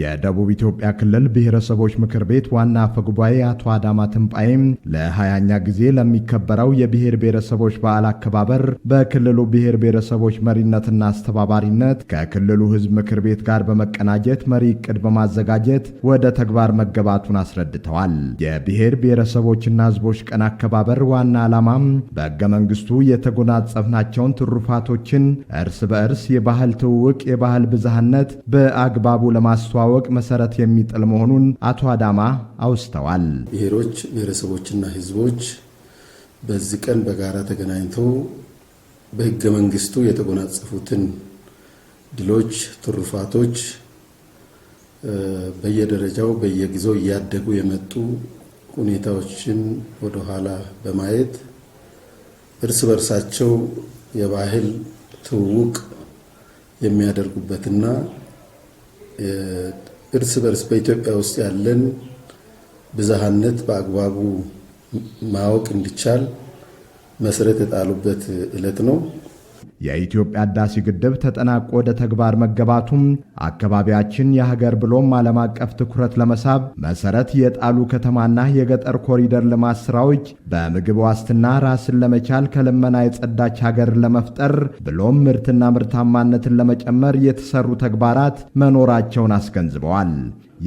የደቡብ ኢትዮጵያ ክልል ብሔረሰቦች ምክር ቤት ዋና አፈ ጉባኤ አቶ አዳማ ትንጳይም ለሀያኛ ጊዜ ለሚከበረው የብሔር ብሔረሰቦች በዓል አከባበር በክልሉ ብሔር ብሔረሰቦች መሪነትና አስተባባሪነት ከክልሉ ሕዝብ ምክር ቤት ጋር በመቀናጀት መሪ ቅድ በማዘጋጀት ወደ ተግባር መገባቱን አስረድተዋል። የብሔር ብሔረሰቦችና ሕዝቦች ቀን አከባበር ዋና ዓላማም በሕገ መንግሥቱ የተጎናጸፍናቸውን ትሩፋቶችን እርስ በእርስ የባህል ትውውቅ፣ የባህል ብዝሃነት በአግባቡ ለማስተዋ ማስተዋወቅ መሰረት የሚጥል መሆኑን አቶ አዳማ አውስተዋል። ብሔሮች፣ ብሔረሰቦችና ህዝቦች በዚህ ቀን በጋራ ተገናኝተው በህገ መንግስቱ የተጎናጸፉትን ድሎች፣ ትሩፋቶች በየደረጃው በየጊዜው እያደጉ የመጡ ሁኔታዎችን ወደኋላ በማየት እርስ በርሳቸው የባህል ትውውቅ የሚያደርጉበትና እርስ በርስ በኢትዮጵያ ውስጥ ያለን ብዝሃነት በአግባቡ ማወቅ እንዲቻል መሰረት የጣሉበት ዕለት ነው። የኢትዮጵያ ሕዳሴ ግድብ ተጠናቆ ወደ ተግባር መገባቱም አካባቢያችን የሀገር ብሎም ዓለም አቀፍ ትኩረት ለመሳብ መሰረት የጣሉ ከተማና የገጠር ኮሪደር ልማት ስራዎች በምግብ ዋስትና ራስን ለመቻል ከልመና የጸዳች ሀገር ለመፍጠር ብሎም ምርትና ምርታማነትን ለመጨመር የተሰሩ ተግባራት መኖራቸውን አስገንዝበዋል።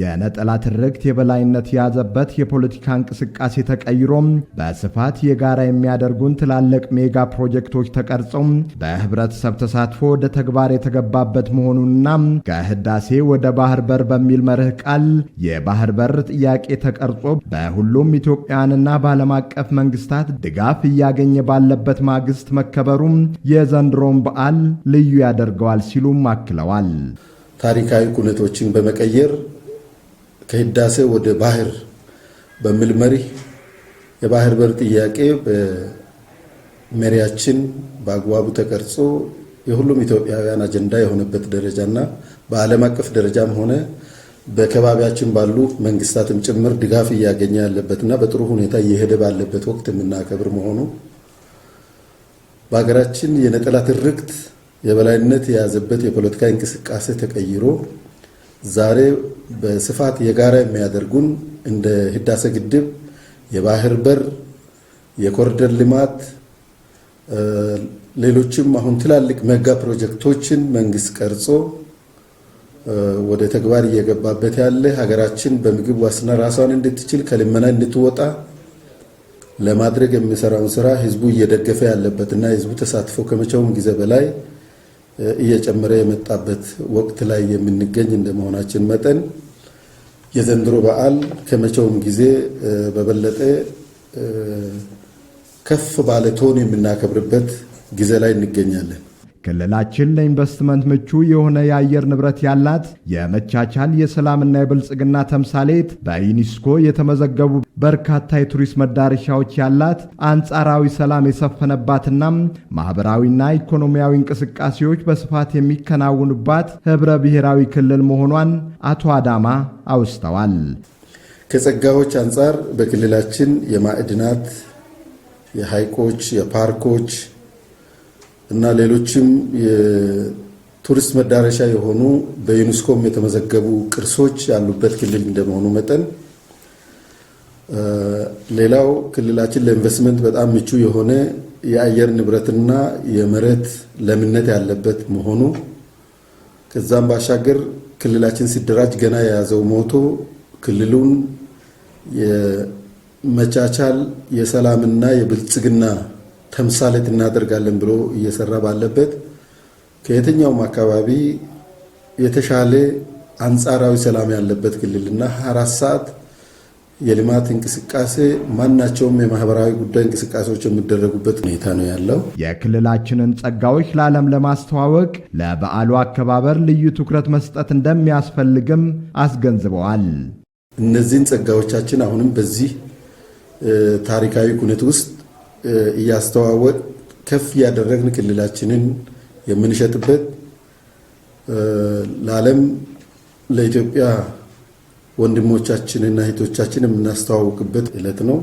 የነጠላ ትርክት የበላይነት የያዘበት የፖለቲካ እንቅስቃሴ ተቀይሮም በስፋት የጋራ የሚያደርጉን ትላልቅ ሜጋ ፕሮጀክቶች ተቀርጸው በህብረተሰብ ተሳትፎ ወደ ተግባር የተገባበት መሆኑንና ከህዳሴ ወደ ባህር በር በሚል መርህ ቃል የባህር በር ጥያቄ ተቀርጾ በሁሉም ኢትዮጵያውያንና በዓለም አቀፍ መንግስታት ድጋፍ እያገኘ ባለበት ማግስት መከበሩም የዘንድሮን በዓል ልዩ ያደርገዋል ሲሉም አክለዋል። ታሪካዊ ኩነቶችን በመቀየር ከህዳሴ ወደ ባህር በሚል መሪ የባህር በር ጥያቄ በመሪያችን በአግባቡ ተቀርጾ የሁሉም ኢትዮጵያውያን አጀንዳ የሆነበት ደረጃና በዓለም አቀፍ ደረጃም ሆነ በከባቢያችን ባሉ መንግስታትም ጭምር ድጋፍ እያገኘ ያለበትና በጥሩ ሁኔታ እየሄደ ባለበት ወቅት የምናከብር መሆኑ በሀገራችን የነጠላ ትርክት የበላይነት የያዘበት የፖለቲካ እንቅስቃሴ ተቀይሮ ዛሬ በስፋት የጋራ የሚያደርጉን እንደ ህዳሴ ግድብ፣ የባህር በር፣ የኮሪደር ልማት ሌሎችም አሁን ትላልቅ መጋ ፕሮጀክቶችን መንግስት ቀርጾ ወደ ተግባር እየገባበት ያለ ሀገራችን በምግብ ዋስትና ራሷን እንድትችል ከልመና እንድትወጣ ለማድረግ የሚሰራውን ስራ ህዝቡ እየደገፈ ያለበት እና ህዝቡ ተሳትፎ ከመቼውም ጊዜ በላይ እየጨመረ የመጣበት ወቅት ላይ የምንገኝ እንደመሆናችን መጠን የዘንድሮ በዓል ከመቼውም ጊዜ በበለጠ ከፍ ባለ ቶን የምናከብርበት ጊዜ ላይ እንገኛለን። ክልላችን ለኢንቨስትመንት ምቹ የሆነ የአየር ንብረት ያላት የመቻቻል የሰላምና የብልጽግና ተምሳሌት በዩኒስኮ የተመዘገቡ በርካታ የቱሪስት መዳረሻዎች ያላት አንጻራዊ ሰላም የሰፈነባትና ማኅበራዊና ኢኮኖሚያዊ እንቅስቃሴዎች በስፋት የሚከናውኑባት ኅብረ ብሔራዊ ክልል መሆኗን አቶ አዳማ አውስተዋል። ከጸጋዎች አንጻር በክልላችን የማዕድናት፣ የሐይቆች፣ የፓርኮች እና ሌሎችም የቱሪስት መዳረሻ የሆኑ በዩኒስኮም የተመዘገቡ ቅርሶች ያሉበት ክልል እንደመሆኑ መጠን ሌላው ክልላችን ለኢንቨስትመንት በጣም ምቹ የሆነ የአየር ንብረትና የመሬት ለምነት ያለበት መሆኑ ከዛም ባሻገር ክልላችን ሲደራጅ ገና የያዘው ሞቶ ክልሉን የመቻቻል የሰላምና የብልጽግና ተምሳሌት እናደርጋለን ብሎ እየሰራ ባለበት ከየትኛውም አካባቢ የተሻለ አንጻራዊ ሰላም ያለበት ክልልና ሃያ አራት ሰዓት የልማት እንቅስቃሴ ማናቸውም የማህበራዊ ጉዳይ እንቅስቃሴዎች የሚደረጉበት ሁኔታ ነው ያለው። የክልላችንን ጸጋዎች ለዓለም ለማስተዋወቅ ለበዓሉ አከባበር ልዩ ትኩረት መስጠት እንደሚያስፈልግም አስገንዝበዋል። እነዚህን ጸጋዎቻችን አሁንም በዚህ ታሪካዊ ኩነት ውስጥ እያስተዋወቅ ከፍ እያደረግን ክልላችንን የምንሸጥበት ለዓለም ለኢትዮጵያ ወንድሞቻችንና እህቶቻችን የምናስተዋውቅበት ዕለት ነው።